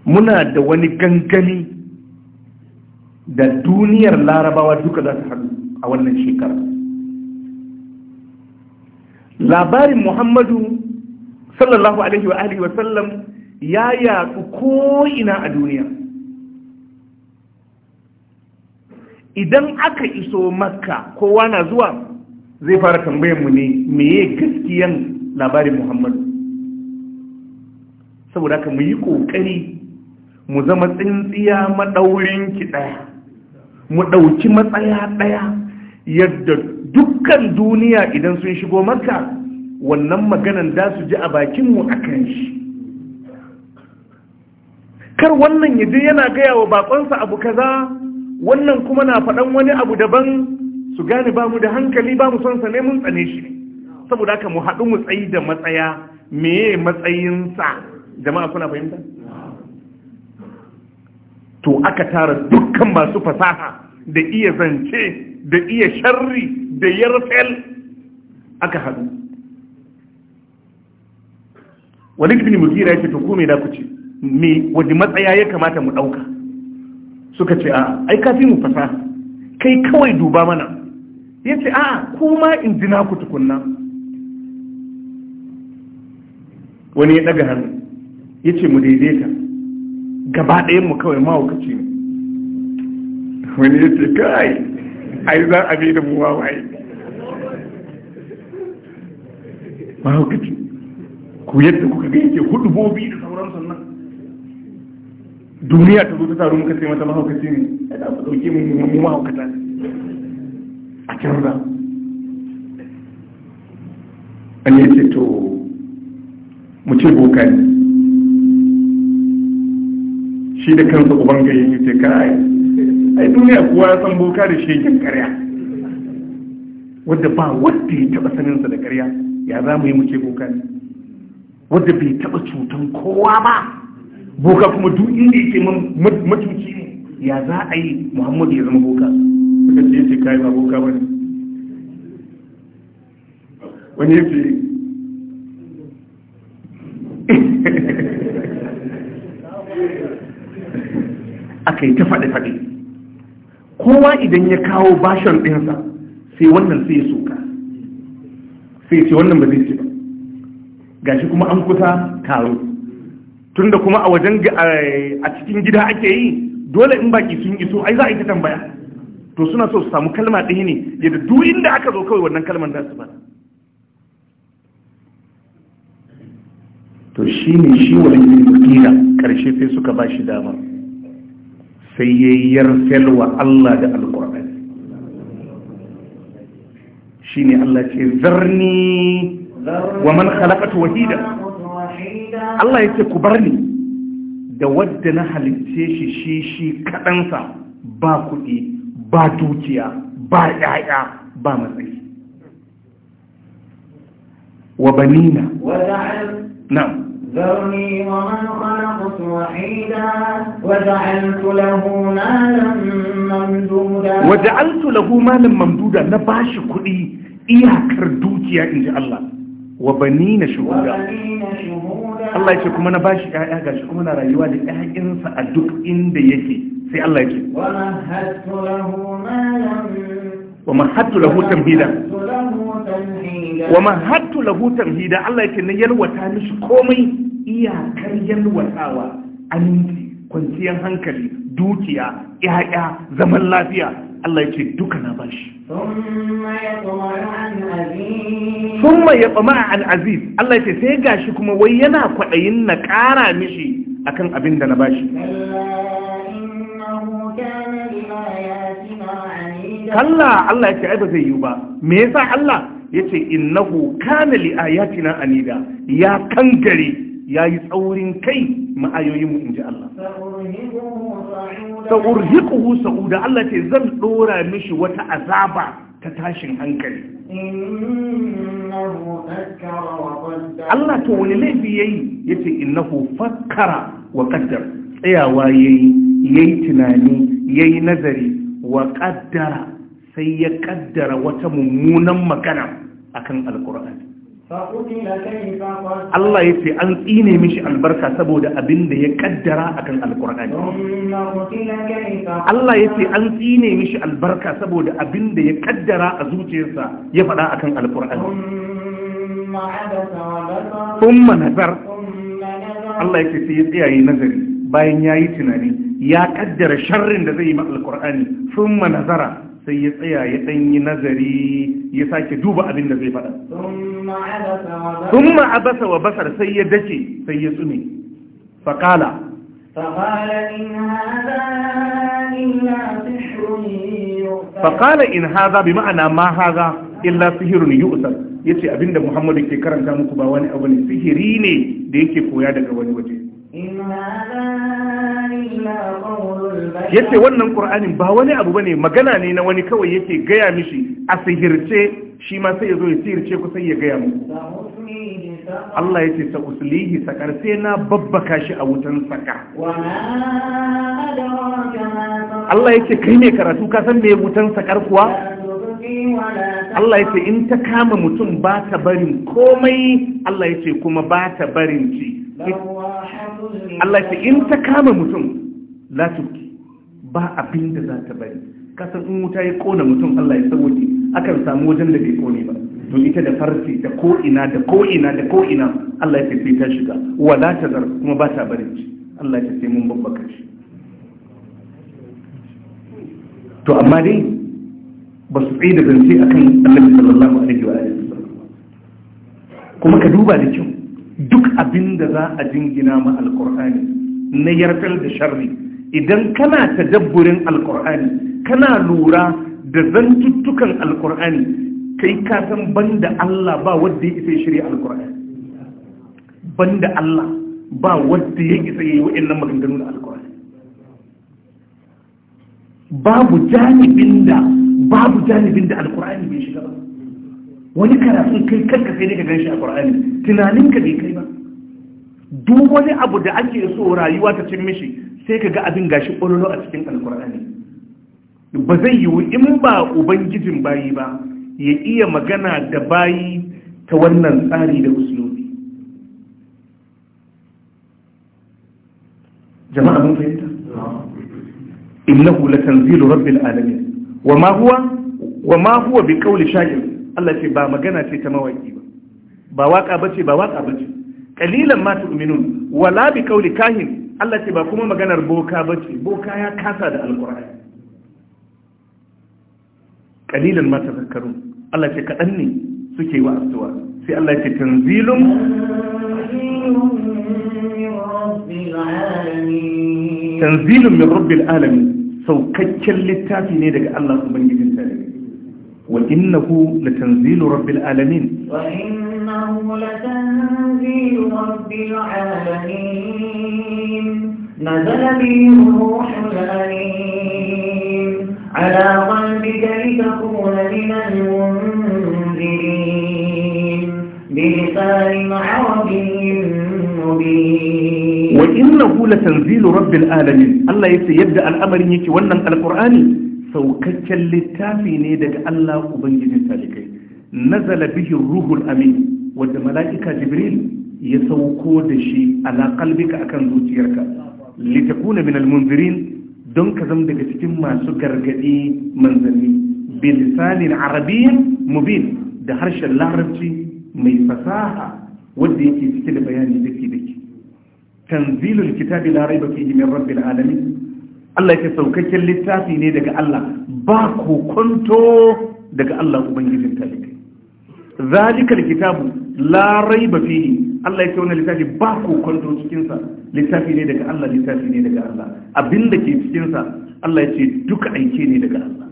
muna da wani gangami da duniyar larabawa duka za su haɗu a wannan shekara labarin muhammadu sallallahu alaihi wa alihi wasallam ya yatsu ko'ina a duniya idan aka iso makka kowa na zuwa zai fara tambayar mu ne meye gaskiyan labarin muhammadu saboda haka mu yi ƙoƙari mu zama tsintsiya maɗaurin ki ɗaya mu ɗauki matsaya ɗaya yadda dukkan duniya idan sun shigo maka wannan maganan da su ji a bakinmu a kan shi kar wannan ya ji yana gaya wa bakonsa abu kaza wannan kuma na faɗan wani abu daban su gane ba mu da hankali ba mu son sa ne mun tsane shi saboda haka mu haɗu mu tsayi da matsaya meye matsayinsa jama'a kuna fahimta to aka tara dukkan masu fasaha da iya zance da iya sharri da yarfel aka haɗu wani ibn mugira yake to kome da ku ce me wani matsaya ya kamata mu ɗauka suka ce a ai ka fi mu fasaha kai kawai duba mana ya ce a kuma in ji ku tukunna wani ya ɗaga hannu ya ce mu daidaita gaba mu kawai mahaukaci ne wani ya ce kai ai za a da mu wawaye mahaukaci ku yadda kuka ga yake hudu bobi da sauran sannan duniya ta zo ta taru muka sai mata mahaukaci ne ya da ku ɗauke mu mu mahaukata a canza an ce to mu ce boka ne shi da kansa uban gaye ya ce kai ai duniya kuwa ya san boka da shekin karya wadda ba wadda ya taba saninsa da karya ya za mu yi muke boka ne wadda bai taba cutan kowa ba boka kuma duk inda yake matuci ne ya za a yi muhammadu ya zama boka suka ce ce kai ba boka ba ne wani yake aka yi ta faɗe-faɗe kowa idan ya kawo bashan ɗinsa sai wannan sai ya soka sai ce wannan ba zai ce ba gashi kuma an kusa taro tunda kuma a wajen a cikin gida ake yi dole in baki sun iso ai za a yi ta tambaya to suna so su samu kalma ɗaya ne yadda duk inda aka zo kawai wannan kalmar za su ba. to shi ne shi wani ƙira ƙarshe sai suka ba shi damar sai ya yi yarfelwa Allah da alƙur'ani shi ne Allah ce zarni wa man khalaqatu wahida Allah ya ce ku bar ni da wadda na halicce shi shi shi kaɗansa ba kuɗi ba dukiya ba ƴaƴa ba matsayi wa banina na'am ذرني ومن خلقت وحيدا وجعلت له مالا ممدودا وجعلت له مالا ممدودا نباش كلي iyakar dukiya in ji Allah wa bani na shuhuda Allah ya ce kuma na bashi ƴaƴa gashi kuma na rayuwa da 'ya'yansa a duk inda yake sai Allah ya ce wa mahattu lahu tamhida wa lahu tamhida Allah yake na yalwata mishi komai iyakar yalwatawa aminci kwanciyar hankali dukiya ya'ya zaman lafiya Allah yake duka na bashi summa ya tsama an aziz Allah yake sai gashi kuma wai yana kwaɗayin na ƙara mishi akan abin da na bashi kalla Allah ya ce ai ba zai yi ba me yasa Allah ya ce innahu kana li ayatina anida ya kangare ya yi tsaurin kai ma'ayoyin mu inji Allah sa'urhiquhu sa'uda Allah ce zan ɗora mishi wata azaba ta tashin hankali Allah ta wani laifi yayi yace innahu fakkara wa qaddar tsayawa yayi yayi tunani yayi nazari wa ƙaddara sai ya kaddara wata mummunan magana akan alkur'ani Allah ya ce an tsine mishi albarka saboda abin da ya kaddara akan alkur'ani Allah ya ce an tsine mishi albarka saboda abin da ya kaddara a zuciyarsa ya faɗa akan alkur'ani kuma nazar Allah ya ce sai ya tsayaye nazari bayan ya yi tunani ya kaddara sharrin da zai yi ma alkur'ani sun nazara sai ya tsaya ya ɗan yi nazari ya sake duba abin da zai faɗa sun ma'abasa wa basar sai ya dace sai ya tsune faƙala faƙala in haza bi ma'ana ma haza illa sihirun yu'sar yace abinda muhammadu ke karanta muku ba wani abu ne sihiri ne da yake koya daga wani waje yace wannan qur'anin ba wani abu bane magana ne na wani kawai yake gaya mishi a sihirce shi ma sai ya zo ya sihirce ku sai ya gaya muku Allah yace ta uslihi sakar na babbaka shi a wutan saka Allah yake kai ne karatu ka san me wutan sakar kuwa Allah yace in ta kama mutum ba ta barin komai Allah yace kuma ba ta barin ci Allah ce in ta kama mutum la tuki ba abin da za ta bari kasan in wuta ya kona mutum Allah ya sauke akan samu wajen da bai kone ba to ita da farsi da ko'ina da ko'ina da ko'ina Allah ya ce sai ta shiga wala ta zar kuma ba ta bari shi Allah ya ce mun babbaka shi to amma dai ba su tsaye da zance akan Allah sallallahu alaihi wa alihi kuma ka duba da kyau duk abin da za a jingina ma alkur'ani na yarfar da sharri idan kana tadabburin alkur'ani kana lura da zantuttukan alkur'ani kai ka san banda Allah ba wadda ya isa shirya alkur'ani banda Allah ba wadda ya isa yayi wa'annan maganganu na alkur'ani babu janibin da babu janibin da alkur'ani bai shiga ba wani karatun kai kanka sai ka ganshi a ƙwar'ani tunaninka bai kai ba duk wani abu da ake so rayuwa ta cin mishi sai ka ga abin gashi ƙololo a cikin alƙwar'ani ba zai yiwu in ba ubangijin bayi ba ya iya magana da bayi ta wannan tsari da usulobi jama'a mun fahimta innahu latanzilu rabbil alamin wa ma huwa wa ma huwa bi qawli sha'ir Allah ce ba magana ce ta mawaki ba ba waka bace ba waka bace ƙalilan ma tu'minun wala bi qawli kahin Allah ce ba kuma maganar boka bace boka ya kasa da alqur'ani ƙalilan ma tadhakkarun Allah ce kadan ne suke wa'azuwa sai Allah ce tanzilun tanzilun min rabbil alamin saukakken littafi ne daga Allah ubangijin tarihi وإنه لتنزيل رب العالمين وإنه لتنزيل رب العالمين نزل به الروح الأليم على قلبك لتكون من المنذرين بلسان عربي مبين وإنه لتنزيل رب العالمين الله يبدأ الأمر يكي ونن القرآن saukakken littafi ne daga Allah ubangijin salikai nazala bihin ruhul amin wanda mala'ika jibril ya sauko da shi ala qalbika akan zuciyarka litakuna minal munzirin don ka zama daga cikin masu gargaɗi manzanni bilisanin arabiyyin mubin da harshen larabci mai fasaha wanda yake cike da bayani dake dake tanzilul kitabi la raiba fihi min rabbil alamin Allah ya saukakken littafi ne daga Allah ba kokonto daga Allah ubangijin talibai zalikal kitabu larai ba fihi Allah ya kauna littafi ba kokonto cikinsa. littafi ne daga Allah littafi ne daga Allah abinda ke cikinsa, Allah ya ce duka aike ne daga Allah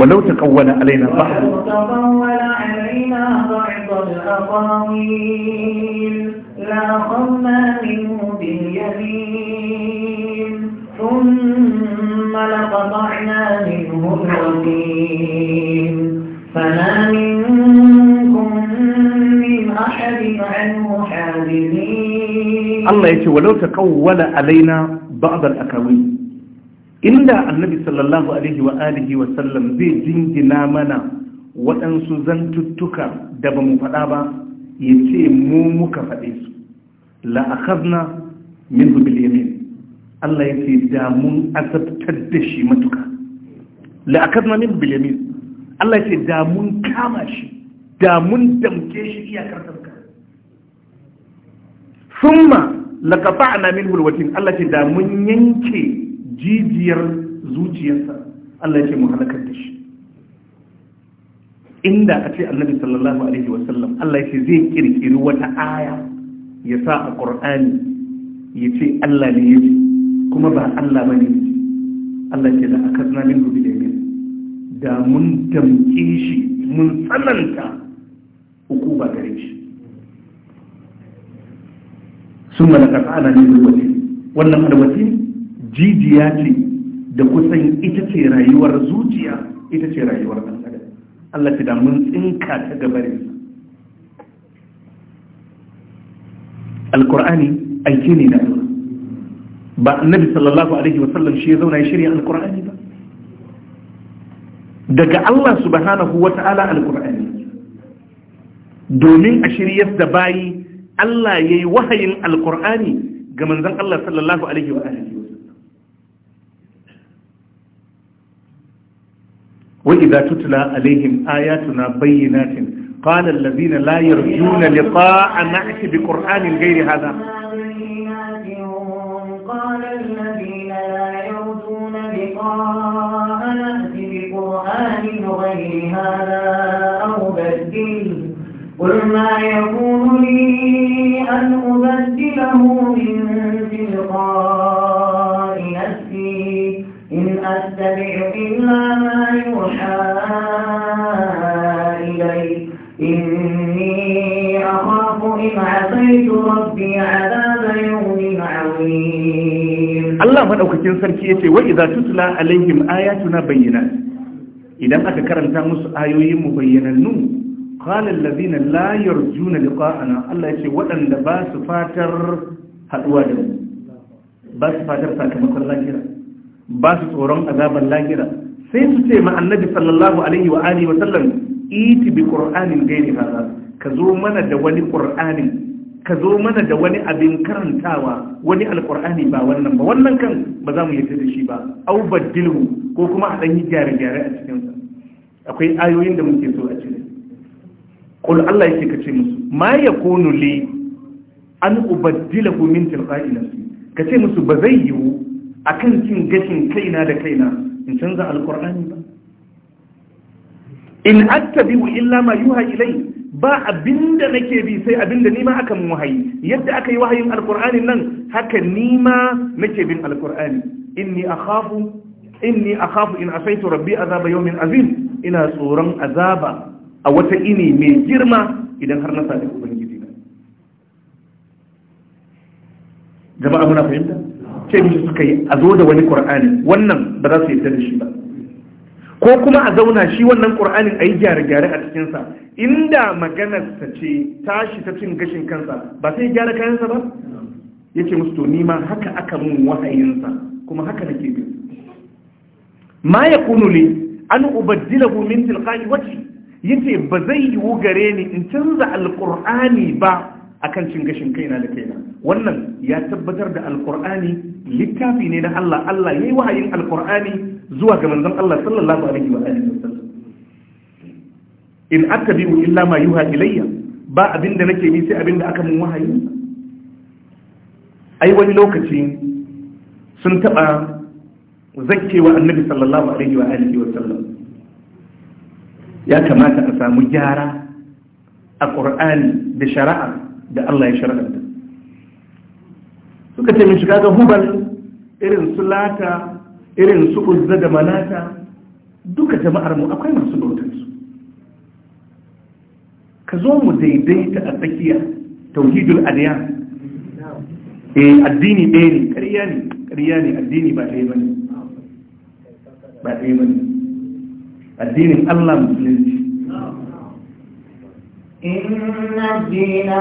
ولو تقول علينا بعض تقول علينا بعض الأقاويل لأخذنا منه باليمين ثم لقطعنا منه الرقيم فما منكم من أحد عنه حاجزين الله يقول ولو تقول علينا بعض الأقاويل inda annabi sallallahu alaihi wa alihi wa sallam zai jingina mana waɗansu zantuttuka da ba mu faɗa ba ya ce mu muka faɗe su la'akazna min hubil yamin Allah ya ce da mun azabtar da shi matuka la'akazna min hubil yamin Allah ya ce da mun kama shi da mun damke shi iyakar sarka summa laqata'na min hulwatin Allah ya ce da mun yanke jijiyar zuciyarsa Allah ya ce mu halakar da shi inda a ce annabi sallallahu alaihi wa sallam', Allah ya ce zai kirkiri wata aya ya sa a ƙur'ani ya ce Allah ne ya ce kuma ba Allah ba ne Allah ya ce da aka zana min rubi da ya da mun damƙe shi mun tsananta uku ba gare shi sun malaka tsana ne da wani wannan da wani jijiya ce da kusan ita ce rayuwar zuciya ita ce rayuwar ɗan adam Allah ta da mun tsinka ta gabarinsa alkur'ani aiki ne da Allah ba annabi sallallahu alaihi wasallam shi ya zauna ya shirya alkur'ani ba daga Allah subhanahu wa ta'ala alkur'ani domin a shiryar da bayi Allah ya yi wahayin alkur'ani ga manzan Allah sallallahu alaihi wa وإذا تتلى عليهم آياتنا بينات قال الذين لا يرجون لقاء معك بقرآن غير هذا قال الذين لا يرجون لقاء نأتي بقرآن غير هذا أو قل ما يكون لي أن أبدله من تلقاء أتبع إلا ما يوحى إلي إني أخاف إن عصيت ربي عذاب يوم عظيم الله من أوكتين سركي وإذا تتلى عليهم آياتنا بينات إذا أكا كرمتا مس آيوي مبيننون قال الذين لا يرجون لقاءنا الله يتي ودان da ba su fatar haduwa da mu ba su fatar sakamakon lafiya ba su tsoron azabar lahira sai su ce ma'annabi sallallahu alaihi wa alihi wa sallam iti bi qur'anin gairi hada ka zo mana da wani qur'anin ka zo mana da wani abin karantawa wani alqur'ani ba wannan ba wannan kan ba za mu yarda da shi ba au badilhu ko kuma a dan yi gyare gyare a cikin sa akwai ayoyin da muke so a cikin qul Allah yake kace musu ma yakunu li an ubaddilahu min tilqa'i nafsi kace musu ba zai yiwu a kan cin gashin kaina da kaina in canza alkur'ani ba in attabi wa illa ma yuha ilai ba abinda nake bi sai abinda nima aka mun wahayi yadda aka yi wahayin alkur'ani nan haka nima nake bin alkur'ani inni akhafu inni akhafu in asaitu rabbi azaba yawmin azim ina tsoron azaba a wata ini mai girma idan har na sadu ubangiji na jama'a muna fahimta ce mishi suka yi a zo da wani ƙur'ani wannan ba za su yarda da shi ba ko kuma a zauna shi wannan qur'anin a yi gyare-gyare a cikinsa inda maganar ta ce tashi ta cin gashin kansa ba sai gyara kayansa ba ya ce musu to nima haka aka mun wahayinsa kuma haka nake bin ma ya kunu ne an ubaddilahu min tilqai ya yace ba zai yiwu gare ni in canza Alƙur'ani ba akan cin gashin kaina da kaina wannan ya tabbatar da Alƙur'ani? littafi ne na Allah Allah ya yi wahayin alqur'ani zuwa ga manzon Allah sallallahu alaihi wa alihi wasallam in attabi'u illa ma yuha ilayya ba abinda nake yi sai abinda aka mun wahayi ai wani lokaci sun taba zakkewa annabi sallallahu alaihi wa alihi wasallam ya kamata a samu gyara a ƙur'ani da shari'a da Allah ya shari'ar suka ce min shiga ga hubal irin su lata irin su uzza da manata duka jama'ar mu akwai masu bautar su ka zo mu daidaita a tsakiya tauhidul adiyan eh addini ɗaya ne ƙarya ne ƙarya ne addini ba ɗaya bane ba ɗaya bane addinin Allah musulunci Inna dina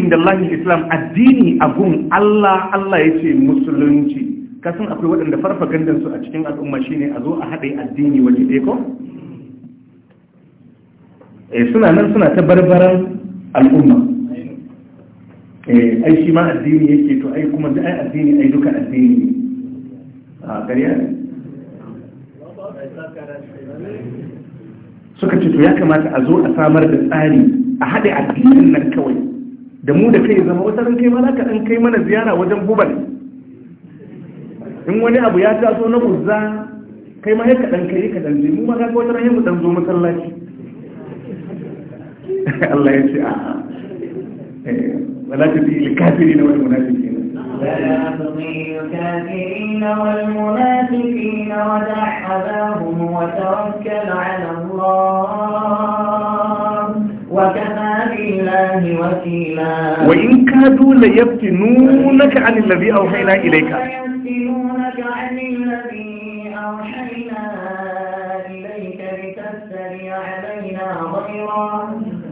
inda ne Islam addini a gun Allah Allah ya ce musulunci kasan akwai waɗanda gandansu a cikin al'umma shine a zo a haɗe addini waje ɗaya ko? suna nan suna ta barbaran al'umma ai shi ma addini yake to ai kuma da ai addini ai duka addini ne a ƙarya ne suka ce to ya kamata a zo a samar da tsari a haɗe addinin nan kawai da mu da kai zama wata ran kai ma ka ɗan kai mana ziyara wajen bubal in wani abu ya taso na buzza kai ma yaka ɗan kai ka ɗan je mu ma ka wata ran mu ɗan zo masallaci Allah ya ce a'a wala ta bi likafiri na wani munafiki فلا اطغي الكافرين والمنافقين ودع أذاهم وتوكل على الله وكفى بالله وكيلا وإن كادوا ليفتنونك عن الذي أوحينا إليك يفتنونك عن الذي أوحينا إليك لتفتري علينا غيرا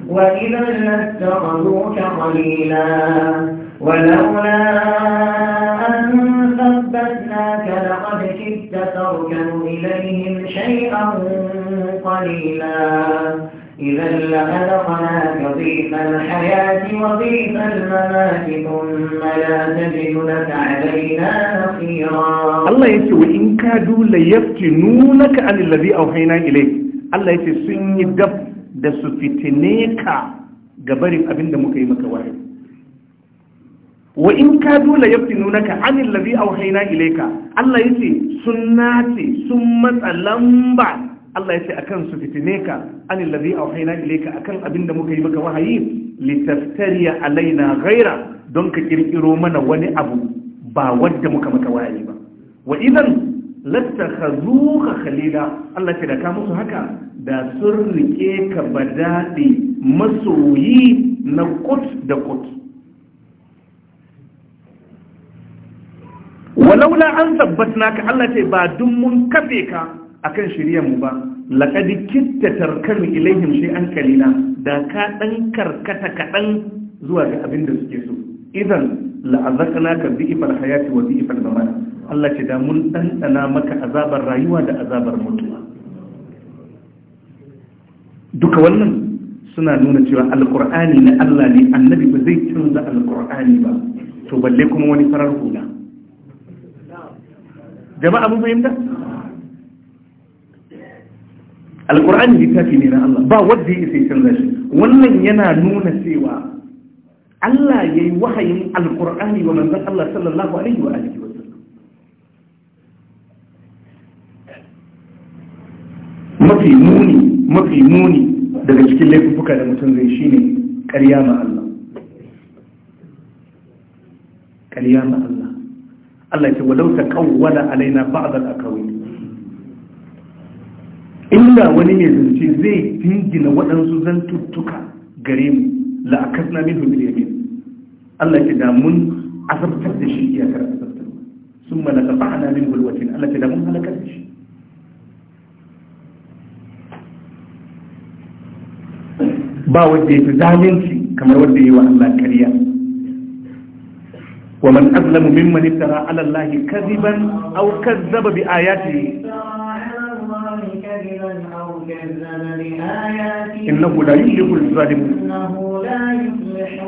وإذا لاتخذوك قليلا ولولا أن ثبتناك لقد كدت تركن إليهم شيئا قليلا إذا لأذقناك ضيف الحياة وضيف الممات ثم لا تجد لك علينا نصيرا الله يسوي إن كادوا ليفتنونك عن الذي أوحينا إليك الله يسوي سن يدف da su fitine ka gabarin abin da muka yi maka wa in ka dole ya fi nunaka anil labi auhaina ileka Allah ya ce sun nace sun matsa lamba Allah ya ce akan su fitine ka anil labi auhaina ilaika akan abin da muka yi maka wahayi litaftariya alaina ghaira don ka kirkiro mana wani abu ba wadda muka maka wahayi ba wa idan ka khalila Allah ce da ka musu haka da sun rike ka badade masoyi na kut da kut walaula an sabbatna ka Allah ce ba dun mun kafe ka akan shirya mu ba laqad kitta tarkanu ilaihim shay'an qalila da ka dan karkata kadan zuwa ga abin da suke so idan la'azakna ka dhi'fal hayati wa dhi'fal mamat Allah ce da mun dandana maka azabar rayuwa da azabar mutuwa duka wannan suna nuna cewa alqur'ani na Allah ne annabi ba zai canza alqur'ani ba to balle kuma wani farar hula jama'a mun fahimta alkur'ani littafi ne na Allah ba wanda ya sai canza shi wannan yana nuna cewa Allah ya yi wahayin alkur'ani wa manzan Allah sallallahu alaihi wa alihi mafi muni mafi muni daga cikin laifuka da mutum zai shine ƙarya ma Allah ƙarya ma Allah Allah ce walau ta kawwala alaina ba'd al-aqawi inda wani ne zance zai dingina waɗansu zantuttuka gare mu la akasna minhu bil yamin Allah ce da mun azabtar da shi ya iyakar azabtar summa la qata'na min hulwatin Allah ce da mun halakar da shi ba wanda ya fi zalunci kamar wanda ya yi wa Allah kariya ومن أظلم ممن افترى على الله كذبا أو كذب بآياته إنه لا يفلح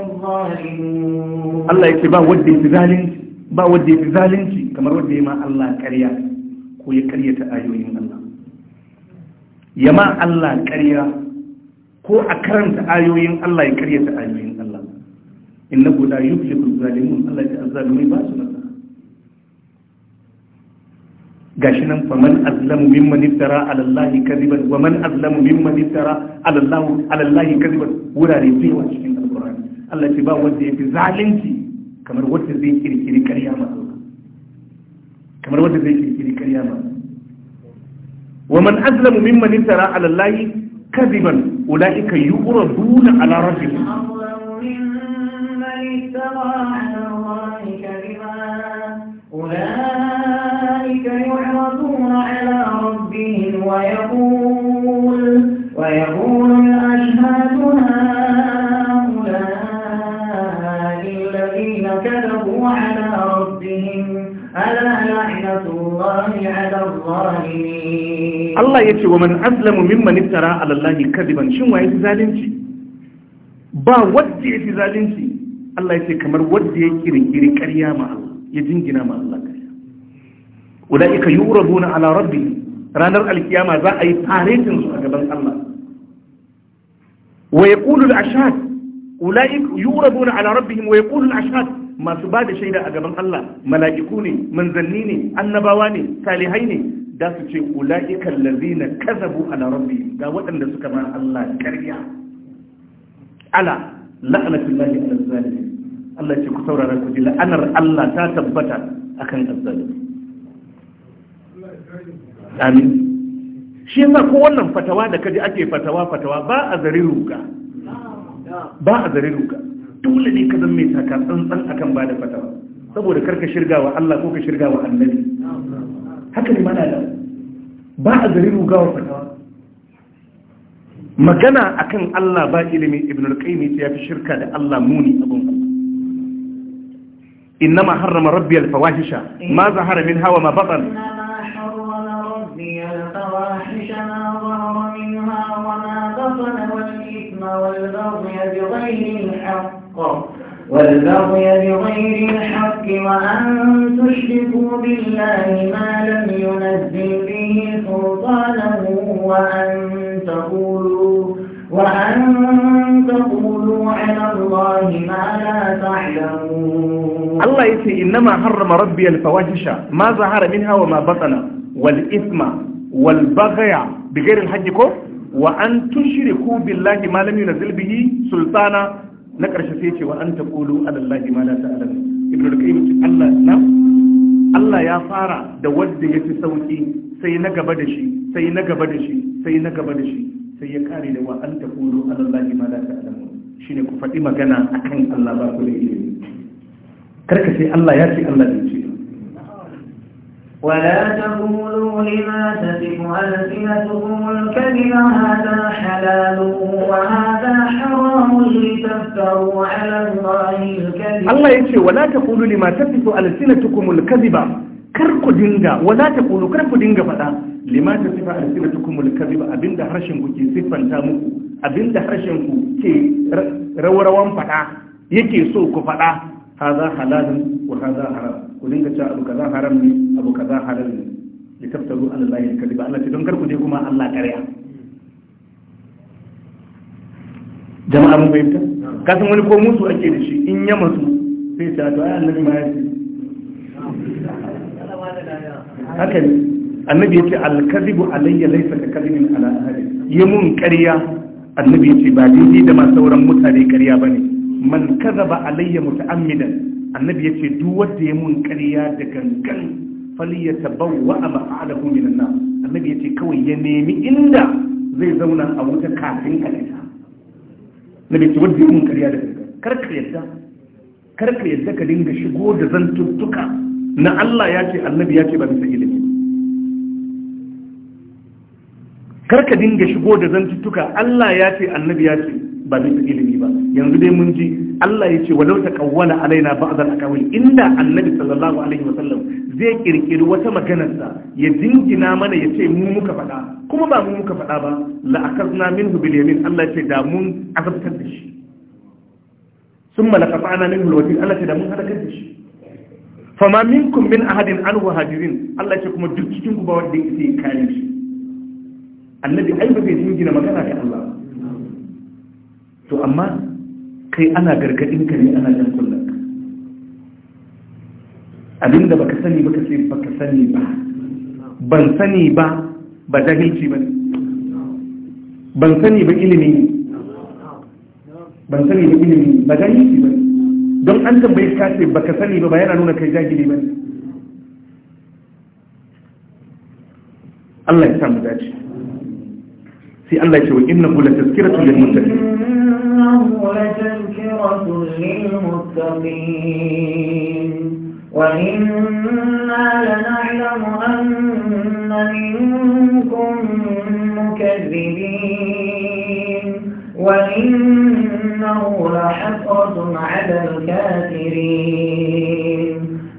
الظالمون الله يكتبا ودي في ذلك با ودي في ذلك كما ودي ما الله كريا كو يكريا تآيوين الله يما الله كريا كو أكرمت آيوين الله يكريا تآيوين innahu la yuflihu zalimun Allah ba su nasara gashi nan fa man azlamu mimman iftara ala Allah kadiban wa man azlamu mimman iftara ala Allah ala Allah kadiban wurare cikin alqur'ani Allah ce ba wanda zalunci kamar wanda zai kirkiri ƙarya ma kamar wanda zai kirkiri ƙarya ma ulaika yu'raduna ala الله أولئك يحرضون على ربهم ويقول ويقول الأشهاد هؤلاء الذين كذبوا على ربهم ألا لعنة الله على الظالمين الله يتي ومن أسلم ممن افترى على الله كذبا شو يتي ذالنتي ba wadda ya fi zalunci Allah ya ce kamar wanda ya kirkiri ƙarya ma Allah ya jingina ma Allah ƙarya ulaika yuraduna ala rabbi ranar alkiyama za a yi faretin su a gaban Allah wa yaqulu al-ashhad ulaika yuraduna ala rabbihim wa yaqulu al-ashhad masu ba da shaida a gaban Allah mala'iku ne manzanni ne annabawa ne salihai ne da su ce ula'ika allazina kazabu ala rabbihim ga waɗanda suka ma Allah ƙarya ala la'anatullahi ala zalimin Allah ce ku saurara ku ji la'anar Allah ta tabbata akan azzalimi amin shi yasa ko wannan fatawa da kaji ake fatawa fatawa ba a zari ruka ba a zari ruka dole ne ka zan mai taka tsantsan akan ba da fatawa saboda karka shirgawa Allah ko ka shirgawa annabi haka ne mana da ba a zari ruka wa fatawa magana akan Allah ba ilimi ibn al-qayyim ya fi shirka da Allah muni abun إنما حرم ربي الفواحش ما ظهر منها وما بطن والإثم والبغي بغير الحق والبغي بغير الحق وأن تشركوا بالله ما لم ينزل به سلطانه وأن تقولوا وأن تقولوا على الله ما لا تعلمون الله يسي إنما حرم ربي الفواحش ما ظهر منها وما بطن والإثم والبغي بغير الحق وأن تشركوا بالله ما لم ينزل به سلطانا na ƙarshe sai ce wa an ta ƙulu alallahi ma la ta'lamu ibnu al-qayyim Allah na Allah ya fara da wanda ya fi sauki sai na gaba da shi sai na gaba da shi sai na gaba da shi sai ya kare da wa an ta ƙulu alallahi ma la ta'lamu shine ku faɗi magana akan Allah ba ku da ilimi karka sai Allah ya ce Allah zai ce ولا تقولوا لما تسف ألسنتكم الكذب هذا حلال وهذا حرام لتفتروا على الله الكذب الله يقول ولا تقولوا لما تسف ألسنتكم الكذب karku dinga wala ta kulu karku dinga faɗa lima ta sifa a sifa abinda harshen ku ke siffanta muku abinda harshen ku ke rawarawan faɗa yake so ku faɗa haza halalun wa haza haram ku dinga cewa abu kaza haram ne abu kaza halal ne li taftaru ala allahi kadiba Allah ce don kar ku je kuma Allah ƙarya jama'a mun fahimta kasan wani ko musu ake da shi in ya masu sai ta to ai annabi ya ce haka annabi ya ce alkazibu alayya laysa ka mun ƙarya annabi ya ba daidai da ma sauran mutane ƙarya bane man kazaba alayya muta'ammidan annabi yace duk wanda ya mun ƙarya da gangan ma alahu min annab annabi yace kawai ya nemi inda zai zauna a wuta kafin ka fita annabi yace wanda ya mun ƙarya da gangan kar ka yadda kar ka yadda ka dinga shigo da zantuttuka na Allah ya ce annabi ya ce ba bisa ilimi kar ka dinga shigo da zantuttuka Allah ya ce annabi ya ce ba bisa ilimi ba yanzu dai mun ji Allah ya ce walau taqawwala alaina ba'dal aqawil inda annabi sallallahu alaihi wa sallam zai kirkiri wata maganarsa ya dingina mana ya ce mu muka faɗa kuma ba mu muka faɗa ba la akazna minhu bil yamin Allah ya ce da mun azabtar da shi summa laqata'na minhu al wasil Allah ya ce da mun halakar da shi fama minkum min ahadin anhu hadirin Allah ya ce kuma duk cikin ku ba wanda yake kare shi annabi ai ba zai dingina magana ga Allah to amma kai ana gargadin ka ne ana jan kullum abinda baka sani baka sai baka sani ba ban sani ba ba jahilci ba ban sani ba ilimi ban sani ba ilimi ba jahilci ba don an tambayi ka ce baka sani ba ba yana nuna kai jahili ba Allah ya samu dace sai Allah ya ce wa innahu la tazkiratu lil muttaqin وإنه لتذكرة للمتقين وإنا لنعلم أن منكم مكذبين وإنه لحسرة على الكافرين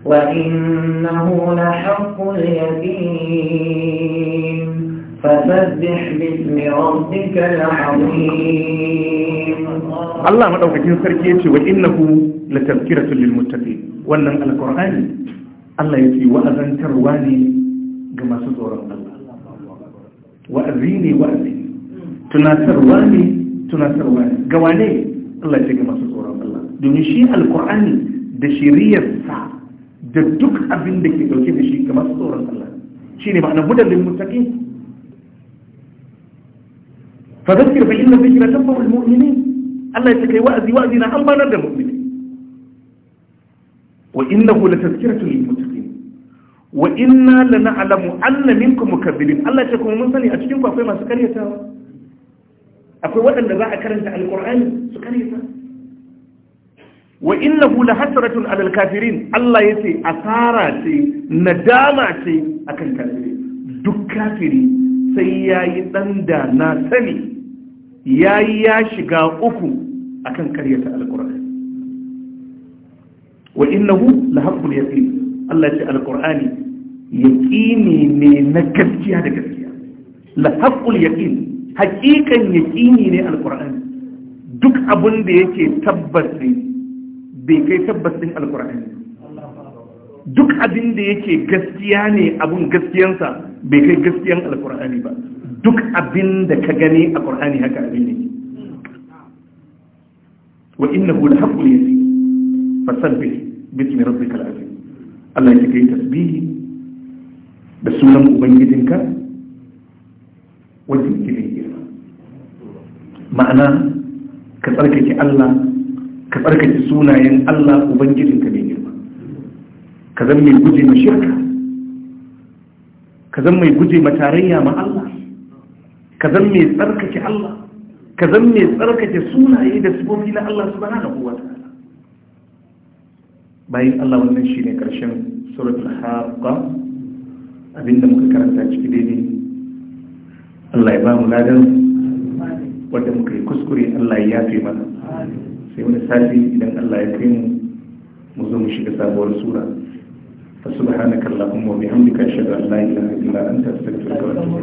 وإنه لحق اليقين فسبح باسم ربك العظيم الله مدوكين سركي يتي وانه لتذكرة للمتقين wannan alqur'ani Allah ya ce wa'azantarwa ne ga masu tsoron Allah wa'azi ne wa'azi tunatarwa ne tunatarwa ne ga wane Allah ya ce ga masu tsoron Allah domin shi alqur'ani da shiriyarsa da duk abin da ke dauke da shi ga masu tsoron Allah shine ma'anar hudalin muttaqin fa zakkir fa inna dhikra tanfa'u al-mu'minin Allah ya kai wa'azi wa'azi na amfanar da mu'mini wa innahu latazkiratu lil-muttaqin wa inna lana'lamu anna minkum mukaththibin Allah ya kuma mun sani a cikin akwai masu karyatawa akwai waɗanda za a karanta alqur'ani su karyata wa innahu lahasratun 'alal kafirin Allah yace asara ce nadama ce akan kafiri duk kafiri sai yayi dan da na sani ya yi ya shiga uku akan karyata alkur'ani wa innahu lahaqqul yaqin Allah ya ce alkur'ani yaqini ne na gaskiya da gaskiya lahaqqul yaqin hakikan yaqini ne alkur'ani duk abin da yake tabbas ne bai kai tabbas din alkur'ani duk abin da yake gaskiya ne abin gaskiyansa bai kai gaskiyan alkur'ani ba duk abin da ka gani a ƙur'ani haka abin ne wa inna hu lahaqqul yasin fasabbih bismi rabbikal azim Allah ya kai tasbihi da sunan ubangijinka wajen kiran girma ma'ana ka tsarkake Allah ka tsarkake sunayen Allah ubangijinka mai girma ka zan mai guje ma ka zan mai guje ma tarayya ma Allah ka zan mai tsarkake Allah ka zan mai tsarkake sunaye da sifofi na Allah subhanahu wa ta. bayan Allah wannan ƙarshen surat suratul haqqa abinda muka karanta ciki daidai Allah ya ba mu ladan wanda muka yi kuskure Allah ya yafe mana sai wani sati idan Allah ya kai mu mu zo mu shiga sabuwar sura فسبحانك اللهم وبحمدك اشهد ان لا اله الا انت استغفرك واتوب